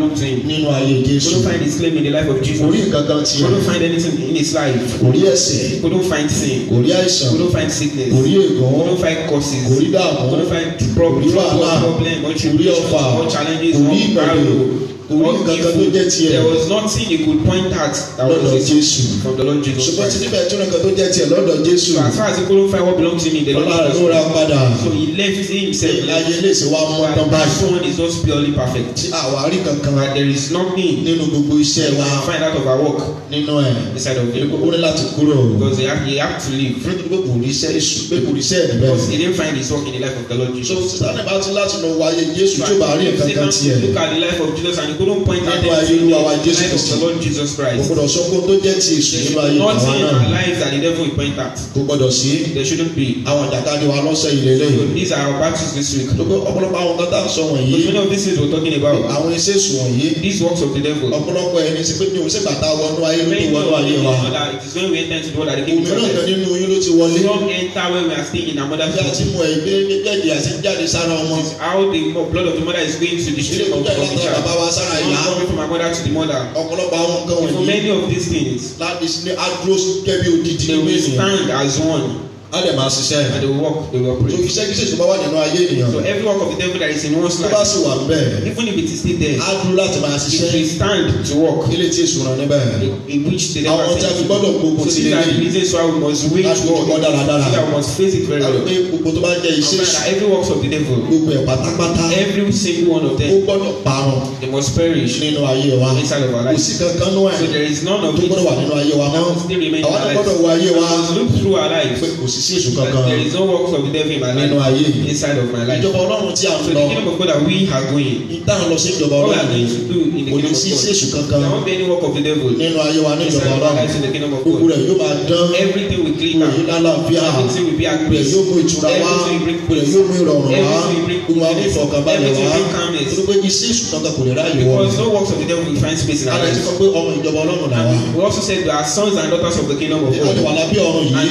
nothing. nínú ayé Jésù. we don't find his claim in the life of Jesus. orí nǹkankan tiẹ̀. we don't find anything in his life. orí ẹ̀ṣẹ̀. we don't find sin. orí àìsàn. we don't find sickness. orí ègàn. we don't find causes. orí dààmú. we don't find problem. orí wàhálà. orí ọ̀fà. orí ìgbàlódé kò rí tó jẹ́ tiẹ̀. there was nothing he could point at that jésù the lord jesus. ṣùgbọ́n tí níbẹ̀ tó nǹkan tó jẹ́ tiẹ̀ lọ́dọ̀ jésù. as far as he couldn't find what belong to me the lord jesus. ra padà. so he left himself. ayé lè ṣe wá mú ọtán báyìí. this one is just purely perfect. tí àwa kankan. and there is nothing. nínú gbogbo iṣẹ́ wa. we find out of our work. nínú ẹ̀. inside of it. ó ní láti kúrò. because he had, he had to leave. fún mi kò rí iṣẹ́ èṣù pé kò rí iṣẹ́ ẹ̀ níbẹ̀. because he didn't find his work in the life of the lord jesus. so sisan bá ti láti lọ wáyé jésù tí ó bá rí nǹkan kan tó ló ń pọn jẹ́ dẹ́gbẹ́ sí ní life the Lord Jesus Christ. kò gbọdọ̀ sọ pé tó jẹ́ ti èso ayé ìgbà náà. nothing our lives that the devil will point at. kò gbọdọ̀ sí. there shouldn't be. àwọn lọ́sẹ̀ ilé lẹ́yìn. these are our battles this week. àdókò ọ̀pọ̀lọpọ̀ àwọn kan tá à sọ wọ̀nyí. of this is we talking about. àwọn iṣẹ́ èso wọ̀nyí. these works of the devil. ọ̀pọ̀lọpọ̀ ẹni sí ní òun ṣègbà tá a wọnú ayé ló ti wọnú ayé wa. it is when we enter the world that the king is present. òmíràn kan nínú yín ló ti wọlé. enter when we are still bí a ti mọ ẹgbẹ́ how the blood of the mother is going to the stream of the child àìlá. ọ̀pọ̀lọpọ̀ àwọn nǹkan wọ̀nyí. for many of these things. láti ṣe adúró kẹ́bí odidi. they will stand as one á dẹ̀ máa ṣiṣẹ́. and they will work they will operate. so iṣẹ́ kíṣe tó bá wà nínú ayé so every work of the devil that is in one life. tó bá sì wà bẹ́ẹ̀. even if it is still there. á dúró láti máa ṣiṣẹ́. if we stand to work. ilé tí èso ràn níbẹ̀. in which the devil said. àwọn tí a fi gbọ́dọ̀ gbogbo ti lé ní. so these are the why we must wait for God. láti dáradára. so that we must face it very well. àgbẹ̀ gbogbo tó bá jẹ́ iṣẹ́. àgbẹ̀ every work of the devil. gbogbo ẹ̀ pátápátá. every single one of them. ó gbọ́dọ̀ parun. they must perish. nínú ayé wa. inside of our life. so there is none of it. tó look through our life. kò sí sí èṣù kankan nínú ayé ìjọba ọlọ́run tí a ń lọ ìta ń lọ sí ìjọba ọlọ́run kò ní sí sí èṣù kankan nínú ayé wa ní ìjọba ọlọ́run gbogbo rẹ̀ yóò máa dán òye lálàáfíà rẹ̀ yóò mú ìtura wá rẹ̀ yóò mú ìrọ̀rùn wá gbogbo àwọn ìfọ̀kànbalẹ̀ wá nínú pé sí èṣù kankan kò lè ráàyè wọ. alẹ́ ti sọ pé ọmọ ìjọba ọlọ́run làwọn. we also said we are sons and daughters of the kingdom of God. and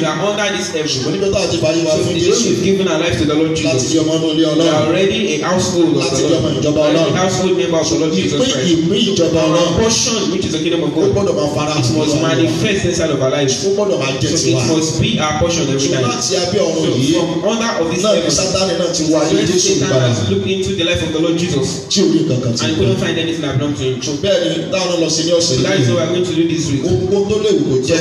we are under this heaven ṣùgbọ́n nígbà tá a ti báyé wa fún Jésù. so the day you give our life to the Lord Jesus. láti di ọmọ inú ilé Ọlọ́run. you are already a household of the Lord. láti di ọmọ ìjọba Ọlọ́run. a household member of the Lord Jesus Christ. ìpín ìpín ìjọba Ọlọ́run. our portion which is the kingdom of God. ó gbọ́dọ̀ máa fara sí wa. must manifest inside of our lives. ó gbọ́dọ̀ máa jẹ tiwa. so it must be our portion every time. láti abẹ́ ọ̀run yìí. so from under of this heaven. náà Sátánì náà ti wá ayé Jésù ìbára. look into the life of the Lord Jesus. tí o rí kankan tí o and couldn't find anything that belong to him. that is why we are going to do this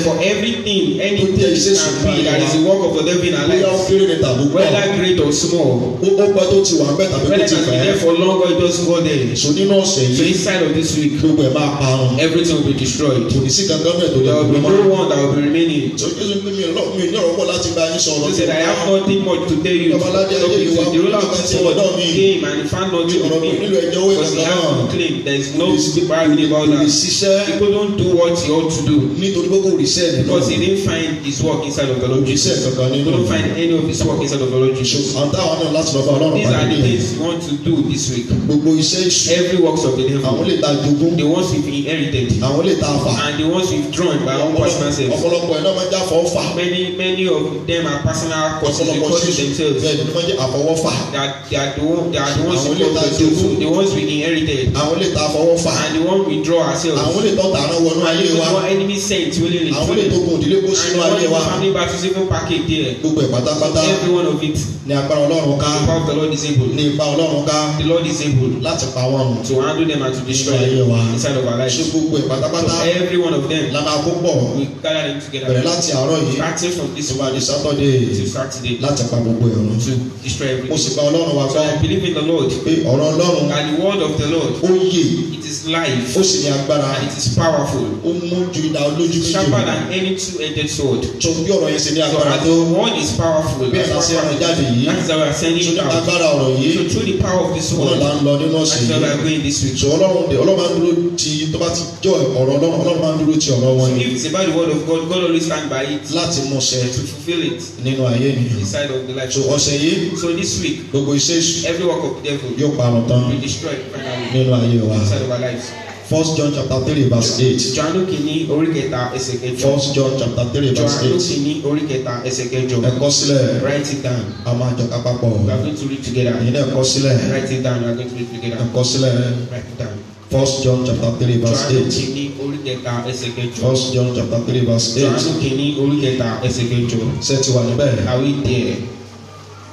for everything anything that is a work of living our life. bóyá ó kéré tàbí pọ̀. whether great or small. ó ó pẹ́ tó ti wà bẹ́ẹ̀ tàbí tó ti fẹ́. whether there for long or it doesn't go there. so nínú ọ̀sẹ̀ yìí. so inside of this week. gbogbo ẹ̀ máa parun. everything will be destroyed. kò ní sí kankan mẹ́ẹ̀ tó lè gbogbo mọ́. there will be no one that will be remaining. so Jésù mi mi ní ọ̀rọ̀ pọ̀ láti bá yín sọ̀rọ̀. he said I have nothing much to tell you. babaláde ayé ìwà the ruler of the world came and found nothing with me. because he had to claim there is no bargaining about that. people don't do what he ought to do. nítorí gbogbo òrìṣẹ́ nìkan. because he didn't find his work inside of the Lord kankan nínú. don't find any of his work inside of voluntary. so àǹtá àwọn náà láti lọ bá ọlọ́run pàdé. these are the things you want to do this week. gbogbo iṣẹ́ iṣu. every works of the devil. àwọn lè ta jogún. the ones we inherited. àwọn lè ta fà. and the ones we drawn by our own personal self. ọ̀pọ̀lọpọ̀ ẹ̀ náà máa ń jẹ́ àfọwọ́fà. many many of them are personal causes they cause themselves. bẹ́ẹ̀ ni wọ́n jẹ́ àfọwọ́fà. They are the one the ones we cause themselves the ones we inherited. àwọn lè ta àfọwọ́fà. and the ones we draw ourselves. àwọn lè tọ́ tààrà wọnú ayé wa. and the one enemy sent. àwọn lè tó kùn òdìlé kó and the one family battle even package take there. gbogbo ẹ̀ pátápátá. every one of it. ní agbára ọlọ́run ká. the power of the lord is able. ní ipa ọlọ́run ká. the lord is able. láti pa wọ́n to handle them and to destroy them. inside of our lives. ṣé gbogbo ẹ̀ pátápátá. so every one of them. lana kó we gather them together. bẹ̀rẹ̀ láti àárọ̀ yìí. starting from this one. ìwádìí saturday. till saturday. láti pa gbogbo ẹ̀ to destroy everything. o sì pa ọlọ́run wa fún. so I believe in the lord. pé ọ̀rọ̀ ọlọ́run. and the word of the lord. ó yè. it is life. ó sì ní agbára. and it is powerful. ó mú ju ìdá olójú méjì. sharper than any two-edged sword though one is powerful. bí ẹ̀ka sí ọ̀rọ̀ jáde yìí. that is our sending you out. agbára ọ̀rọ̀ yìí. so through the power of this word. ọlọ́run máa ń lọ nínú ọ̀sẹ̀ yìí. that's going this week. so ọlọ́run de ọlọ́run máa ń dúró ti tó bá ti jọ ọ̀rọ̀ ọlọ́run ọlọ́run máa ń dúró ti ọ̀rọ̀ wọn. so if it's about the word of God God always stand by it. láti mú ṣẹ. to fulfil it. nínú ayé mi. inside of the life. so ọ̀sẹ̀ yìí. so this week. gbogbo iṣẹ́ every work of devil. yóò parun tán. we destroy nínú ayé wa. inside of our lives. First John chapter three verse eight. Johannu kìíní orí kẹta ẹsẹ̀ kẹjọ. First John chapter three verse eight. Johannu kìíní orí ẹsẹ̀ kẹjọ. Ẹ sílẹ̀. Write it down. A máa jọ ká papọ̀. We are going to read together. Ẹ̀yin náà sílẹ̀. Write it down. We are going to read together. Ẹ sílẹ̀. Write it down. First John chapter three verse eight. Johannu kìíní orí ẹsẹ̀ kẹjọ. First John chapter three verse eight. Johannu kìíní orí kẹta ẹsẹ̀ kẹjọ. Ṣé ti wà níbẹ̀? Are we there?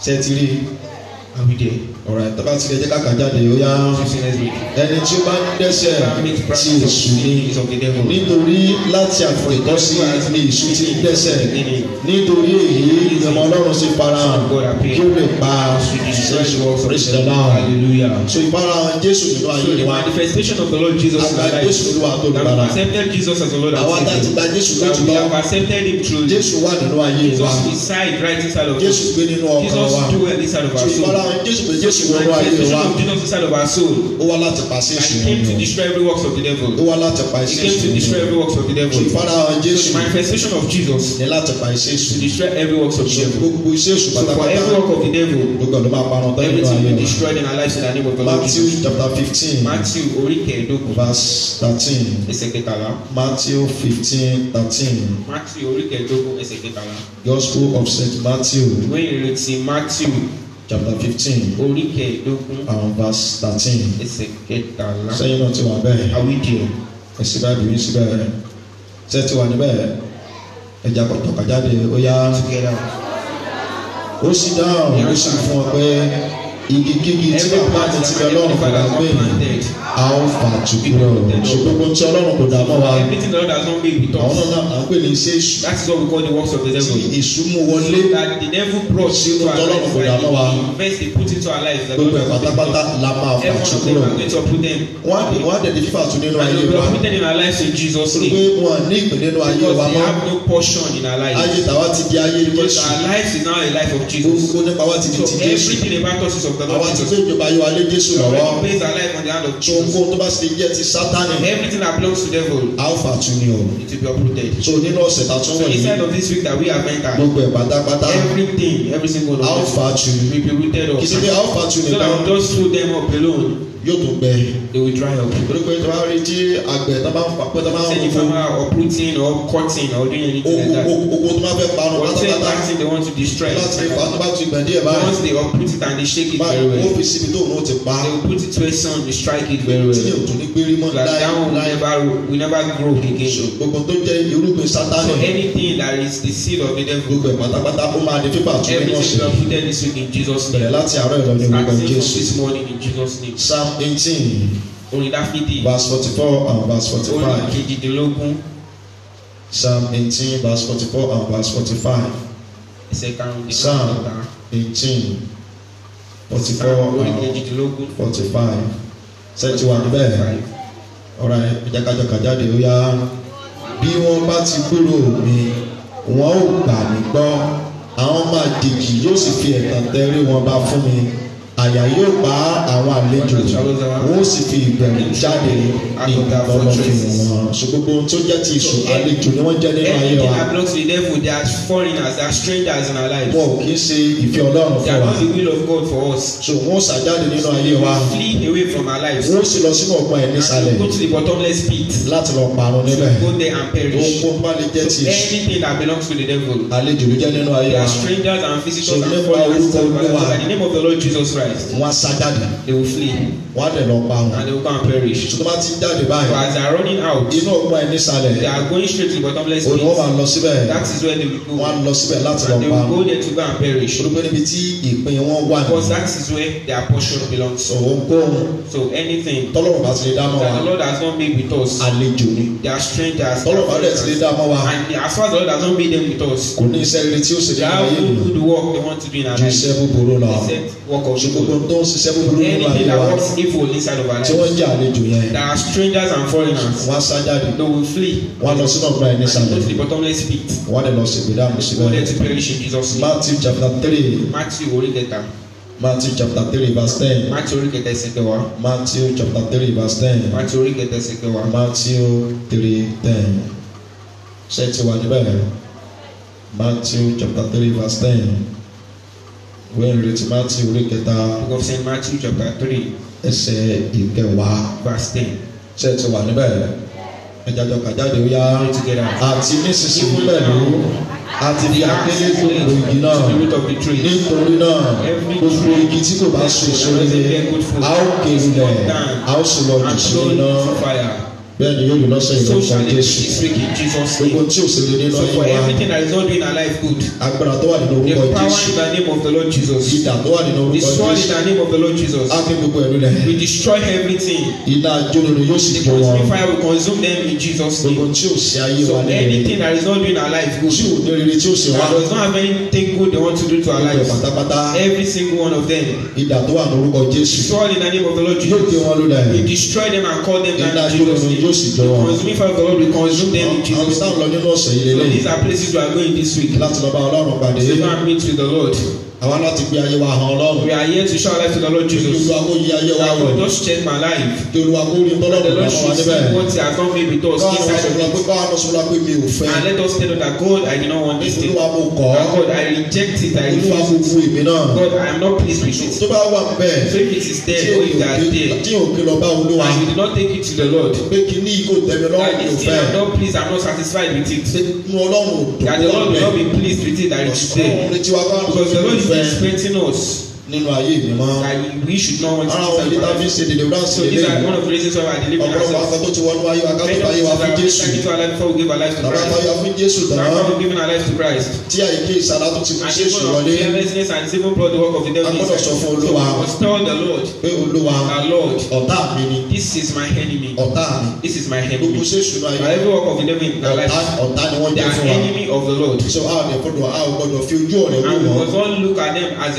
Ṣé ti rí? Are we there? ọ̀rọ̀ ìtọ́ba ti lè jẹ́ kàkà jáde ó yá ẹni tí ó bá ń dẹ́sẹ̀ ti èṣù ni nítorí láti àfọ̀ ìtọ́sí ni èṣù ti ń dẹ́sẹ̀ nítorí èyí ọmọ ọlọ́run ti farahàn kí ó lè pa jésù ọ̀fẹ́sẹ̀ náà so ìfarahàn jésù nínú ayé wa àgbà jésù nínú àtò ìgbàlá àwọn àtàtì gba jésù lójú bá jésù wà nínú ayé wa jésù gbé nínú ọkàn wa so ìfarahàn jésù gbé jésù. Jésù wọ inú ayé wa. Jesus came láti pa sí ìṣúná. And came to destroy every works of the devil. Ó wá láti pa sí ìṣúná. He came to destroy Jésù. manifestation of Jesus. Ní láti pa sí To destroy every works of the Gbogbo iṣẹ́ èṣù pátápátá. So for every work of the devil. Gbogbo ọ̀dọ́ máa parun tán nínú ayé Everything we destroyed in our lives Matthew chapter fifteen. Matthew orí kẹẹ̀ẹ́dógún. Verse thirteen. Ẹsẹ̀ kẹtàlá. Matthew fifteen thirteen. Matthew orí kẹẹ̀ẹ́dógún ẹsẹ̀ kẹtàlá. Gospel of Saint Matthew. Ìwé ìrètí Matthew chapter fifteen. orí kẹẹ̀ẹ́dógún. and verse thirteen. ẹsẹ̀ kẹtàlá. sẹ́yìn náà ti wà bẹ́ẹ̀. awídìí o. ẹ̀sìn bá bìí sí bẹ́ẹ̀. sẹ́ ti wà níbẹ̀ ẹja kọ̀tọ̀kà jáde ó yá. ó sì dáhùn ó sì fún ọ pé igi kígi tí bàbá àti tìbẹ̀ lọ́rùn padà gbé mi how far to go gbogbo tí ọlọ́run kò dá mọ́ wa àwọn náà à ń ní iṣẹ́ èṣù that is what we call the works of the devil That the devil tí èṣù mú wọlé sínú tọ́lọ́run kò dá mọ́ wa gbogbo ẹ̀ pátápátá la máa fà tù kúrò wọ́n á wọ́n á dẹ̀ di fífà tù nínú ayé wa pé wọ́n ní ìpè nínú ayé wa mọ́ ayé tàwa ti di ayé ilé èṣù gbogbo nípa wa ti di ti Jésù àwa ti gbé ìjọba ayé wa lé Jésù lọ́wọ́ tó ohunkóhun tó bá sì jẹ́ ti sátani. everything that belongs to devil. alpha tún ni o. it will be uprooted. so nínú ọ̀sẹ̀ ta tún wọ̀ yìí. so inside of this week that we have entered. gbogbo ẹ̀ pátápátá. everything every single one. alpha tún. We be rooted up. kìsìkì alpha tún nìkan. so that just throw them up alone yóò tún gbẹ. they will dry up. torí pé tí a bá rí tí àgbẹ̀ tí a bá ń fa pé tí a bá ń fa. say the farmer or putting or cutting or doing anything like that. oko oko tí wọ́n fẹ́ parun pátápátá. whatever party they want to destroy. láti rí fa tí ti gbẹ díẹ̀ báyìí. once they uproot it and they shake it very well. wọ́n fi síbi tó òun ti pa. they will put it where sun dey strike it very well. tí yóò tún ní gbérí mọ́ láyé. that one will never will never grow again. gbogbo tó jẹ́ irúgbìn sátánì. so anything that is the seed of the devil. gbogbo ẹ̀ pátápátá ó máa di fífà tún nínú ọ̀sẹ̀. everything we this week in Jesus name. láti àárọ̀ ìrọ̀lẹ́ gbogbo jésù. starting from this morning in Jesus name. Psalm eighteen. Orí Dáfídì. Verse forty-four and verse forty-five. Orí kejìdínlógún. Psalm eighteen verse forty-four and verse forty-five. Ẹsẹ̀ karùn-ún. Psalm eighteen forty-four and forty-five. Ṣẹ́ẹ̀tì wà níbẹ̀. Ọ̀rọ̀ ìjàkadọ̀kà jáde ó yá. Bí wọ́n bá ti kúrò mi, wọ́n ò gbà mí gbọ́. Àwọn máa dìjì yóò sì fi ẹ̀tàn tẹ́rí wọn bá fún mi àyà yóò bá àwọn àlejò wọn ó sì fi ìbẹ̀rù jáde ní ọlọ́run fi wọn ṣùgbọ́n ohun tó jẹ́ ti ìṣù àlejò ni wọ́n jẹ́ nínú ayé wa. everything that belongs to the devil they are foreigners they are strangers in our lives. wọn ò kí ń ṣe ìfẹ́ ọlọ́run fún wa. they are not the will of God for us. so wọn ó ṣàjáde nínú ayé wa. we flee away from our lives. wọn ó sì lọ sínú ọgbọ́n ẹ̀ nísàlẹ̀. and we go to the bottomless pit. láti lọ parun níbẹ̀. to go there and perish. ohun kó bá lè jẹ́ ti ìṣù. that belongs to the devil. àlejò ló jẹ́ nínú ayé wa. they are strangers and visitors so, and foreigners. so nípa orúkọ olúwa. the name of the Lord Jesus Christ. Christ. Wọ́n á sá jáde. They will flee. Wọ́n á dẹ̀ lọ pa wọn. And they will come and perish. Ṣùgbọ́n bá ti jáde báyìí. as they are running out. Inú òkun ẹni sálẹ̀. They are going straight to the place. pit. Òní wọ́n lọ síbẹ̀. That is where they will go. Wọ́n á lọ síbẹ̀ láti lọ pa wọn. And they will go there to go and perish. Olúgbé níbi tí ìpín wọn wà ní. Because that is where their portion belongs. So ohunkóhun. So anything. Tọ́lọ́run bá ti lè dá mọ́ wa. That the Lord has not made with us. Àlejò ni. Their strength has. Tọ́lọ́run bá ti lè dá mọ́ wa. And as far as the Lord has not made them with us. Kò ní iṣẹ́ rere tí ó ṣe ní ayé mi. They have to do the work they want to do in our life. Ju iṣẹ́ tó ń ṣiṣẹ́ búburú nínú àlejò wa tí wọ́n jẹ́ àlejò yẹn. that are strangers and foreigners. wọ́n á sá jáde. they will flee. wọ́n á lọ sínú ọgbà ẹni sàlẹ̀. and to the bottomless pit. wọ́n á lè lọ sí ìgbéyàwó síbẹ̀. wọ́n lè ti perish in Jesus name. Matthew chapter three. Matthew orí kẹta. Matthew chapter three verse ten. Matthew orí kẹta ẹsẹ̀ kẹwàá. Matthew chapter three verse ten. Matthew orí kẹta ẹsẹ̀ kẹwàá. Matthew three ten. Ṣé ti wà níbẹ̀? Matthew chapter three verse ten ìwé ìròyìn ti máa ti orí kẹta. book of saint matthew chapter three. ẹsẹ̀ ìkẹwàá. verse ten. ṣé ẹ ti wà níbẹ̀? ẹ̀jájọ kàjáde ó yá. àti nísinsìnyí pẹ̀lú àti fi akéré tó gbòòrò igi náà nítorí náà gbogbo igi tí kò bá so èso rere a ó kéré e lẹ̀ a ó sì lọ jù sí iná bẹ́ẹ̀ ni yóò yìí lọ́sẹ̀ yìí lọ́sẹ̀ jésù gbogbo tí o sì lè nínú ayé wa agbára tó wà nínú orúkọ jésù ìdá tó wà nínú orúkọ jésù á fi gbogbo ẹ̀rú rẹ̀ iná ajónirun yóò sì jọ wọn gbogbo tí o sì ayé wa nínú rẹ̀ tí o ní rere tí o sì wá gbogbo pátápátá ìdá tó wà nínú orúkọ jésù yóò gé wọn lulẹ̀ iná ajónirun yóò sì jọ wọn. consuming fire God will consume them in Jesus name. àwọn sáà lọ nínú ọ̀sẹ̀ yìí lélẹ́yìn. these are places we are going this week. láti lọ bá ọlọ́run pàdé. to go and meet with the Lord àwa láti gbé ayé wa hàn ọlọ́run. we are here to show our life to the Lord Jesus. olúwa kò yí ayé wa wọ̀. just change my life. olúwa kò rí tọ́lọ̀ kò náà níbẹ̀. the Lord should see what he has done maybe to us inside of me. báwa lọ sọ́dọ̀ pé mi ò fẹ́. and let us tell them that God I do not want this thing. olúwa mo kọ́. and God I reject it I refuse. olúwa mo fún èmi náà. God I am not pleased with it. tó bá wà bẹ́ẹ̀. so if it is or if that day. o kí lọ bá olúwa. and you do not take it to the Lord. pé kí ní ikó tẹ̀mí lọ́wọ́ mi ò fẹ́. that I am not satisfied with it. the Lord will not be pleased with it is Deus perante nós. nínú ayé mi mọ́. we should not want to choose our brother. àwọn ìdílé ṣe dèdè wúrà sí ilé yìí. so these are one of the reasons why I deliver myself. ọ̀pọ̀lọpọ̀ akọ tó ti wọnú ayé wa kátó ayé wa fún Jésù. many of us are before we give our life to Christ. bàbá ayọ̀ fún Jésù tán. our life to Christ. tí àìké ìsàlá tó ti fún Jésù wọlé. and even carelessness and civil blood work of the devil. agbọ́dọ̀ sọ fún we must tell the Lord. pé Olúwa ọ̀tá mi ni. this is my enemy. ọ̀tá mi. this is my enemy. gbogbo ṣèṣù náà yẹ. every work of the devil in life. ọ̀tá ni wọ́n jẹ́ fún wa. they are enemy of the Lord. so a ò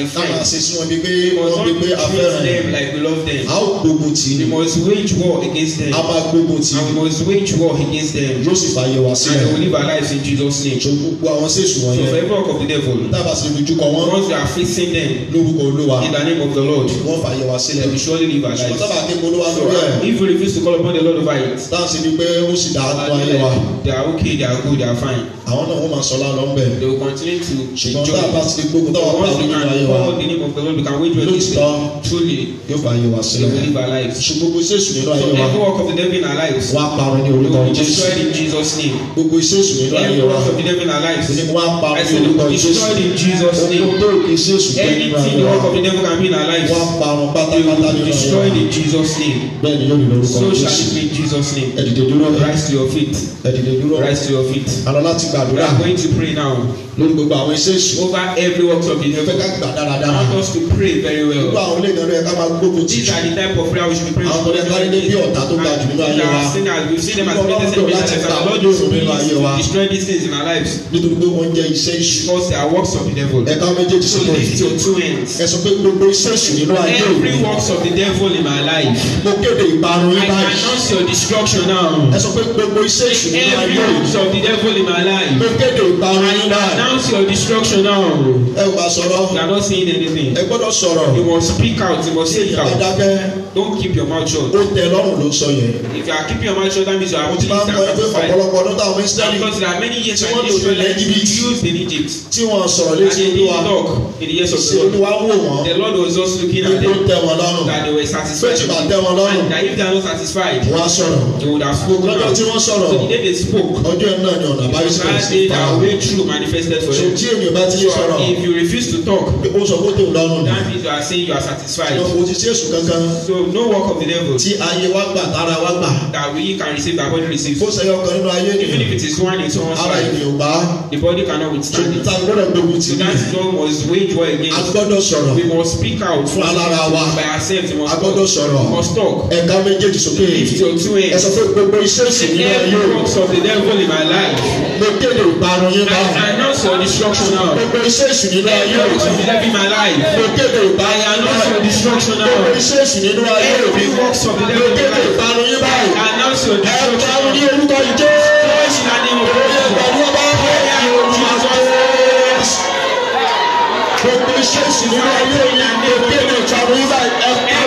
gbọ́dọ̀ wọn bí pé wọn bí pé afẹ́ràn a ó gbogbo tì í. must wage war against them. a máa gbogbo tì must wage war against them. yóò sì fàyè wá sílẹ̀. and live our lives in Jesus name. so gbogbo àwọn sèṣù wọn yẹn. every work of the devil. dábàá sí ojú kan wọn. once we are facing them. lórúkọ olúwa. in the name of the lord. wọ́n fàyè wá surely live our lives. ṣùgbọ́n olúwa lórí ẹ̀. if you refuse to call upon the lord over it. dáhùn sí ni pé ó sì dáa tó ayé wa. they are okay they are good they are fine àwọn náà wọ́n máa sọ lálọ́ ńbẹ̀. they will continue to enjoy ṣùgbọ́n tá a bá ti gbogbo tá a bá ti gbogbo ayé wa lóòótọ́ yóò bá ayé wa sílẹ̀ ṣùgbọ́n gbogbo iṣẹ́ èṣù nínú ayé wa wá parun ní orúkọ jésù gbogbo iṣẹ́ èṣù nínú ayé wa ní wá parun ní orúkọ jésù gbogbo tó kì í ṣe èṣù pé nínú ayé wa wá parun pátápátá nínú ayé wa bẹ́ẹ̀ ni yóò ní lórúkọ jésù ẹ̀dìdè dúró ẹ̀dìdè dúró ẹ̀dìdè dúró alọ́ láti gbà gbàdúrà. we are going to pray now. lórí gbogbo àwọn iṣẹ́ ìṣù. over every work of the day. mo fẹ́ ká gbà us to pray very well. Nígbà àwọn ilé ìdáná yẹn ká máa gbógun tì. These are the type of prayer we should be praying. Àwọn ọ̀rẹ́ kárí dé bí ọ̀tá tó ga jù nínú ayé wa. Sin as we see them as greatest enemies of the Lord is to destroy these things in our lives. Nítorí pé wọ́n jẹ́ iṣẹ́ ìṣù. Because they are works of the devil. Ẹ̀ka méjèèjì sí lọ. So lift your two hands. Ẹ sọ pé gbogbo iṣẹ́ ìṣù nínú ayé òun. Every works of the devil in my life. Mo kéde ìparun yín báyìí. I announce your destruction now. Ẹ sọ pé gbogbo iṣẹ́ ìṣù nínú ayé òun. Every works of the devil in my life. Mo kéde ìparun yín báyìí. I announce your destruction now. Ẹ wà sọ̀rọ̀. You are not seeing anything ẹ gbọ́dọ̀ sọ̀rọ̀. you must speak out you must say out. ìdákẹ́. don't keep your mouth shut. o tẹ lọ́rùn ló sọ yẹn. if you are keeping your mouth shut that means you are being sacrificed. mo ti máa ń bọ ẹgbẹ́ ọ̀pọ̀lọpọ̀ ọdún táwọn mẹ́sítẹ́rì. because there are many years when they were like used in Egypt. tí wọ́n sọ̀rọ̀ létí olúwa. and they talk in the years of the Lord. the Lord was just looking at them. that they were satisfied. and that if they are not satisfied. wọ́n á they would have spoken out. lọ́jọ́ tí wọ́n sọ̀rọ̀. so the day they spoke. ọjọ́ náà ni ọ̀nà àbáyé sọ̀rọ̀ sí pa. the way true manifested for them. so tí èmi bá ti sọ̀rọ̀. if you refuse to talk. ó sọ fótó lọ́rùn. that means you are saying you are satisfied. ṣùgbọ́n kò ti ṣe èṣù kankan. so no work of the devil. tí ayé wa gbà tára wa gbà. that we can receive that body receives. kó sẹ́yìn ọkàn nínú ayé ni. even if it is one in someone's life. ara ènìyàn ò the body cannot withstand it. ṣùgbọ́n gbọ́dọ̀ gbógun tì. so that law must wage war against. a gbọ́dọ̀ sọ̀rọ̀. we must speak out. fún alára wa. by ourselves we must talk. a gbọ́dọ̀ sọ̀rọ̀. we must talk. ẹ̀ka méjèèjì sókè. lift your two hands. ẹ fún gbogbo iṣẹ́ ìsìn nínú ayé. every works of the devil in my life. mo kéde ìparun yín báwọn. I I know for destruction now. gbogbo iṣẹ́ ìsìn nínú ayé. every works of the devil in my life lókèdè ìbáyà náà gbogbo iṣẹ́ èṣù nínú ayé òbí lókèdè ìbánuyín báyìí ẹ bá ní orúkọ ìjẹ́ òye ìgbàlú ọba gbogbo iṣẹ́ èṣù nínú ayé òbí lókèdè ìbánuyín báyìí.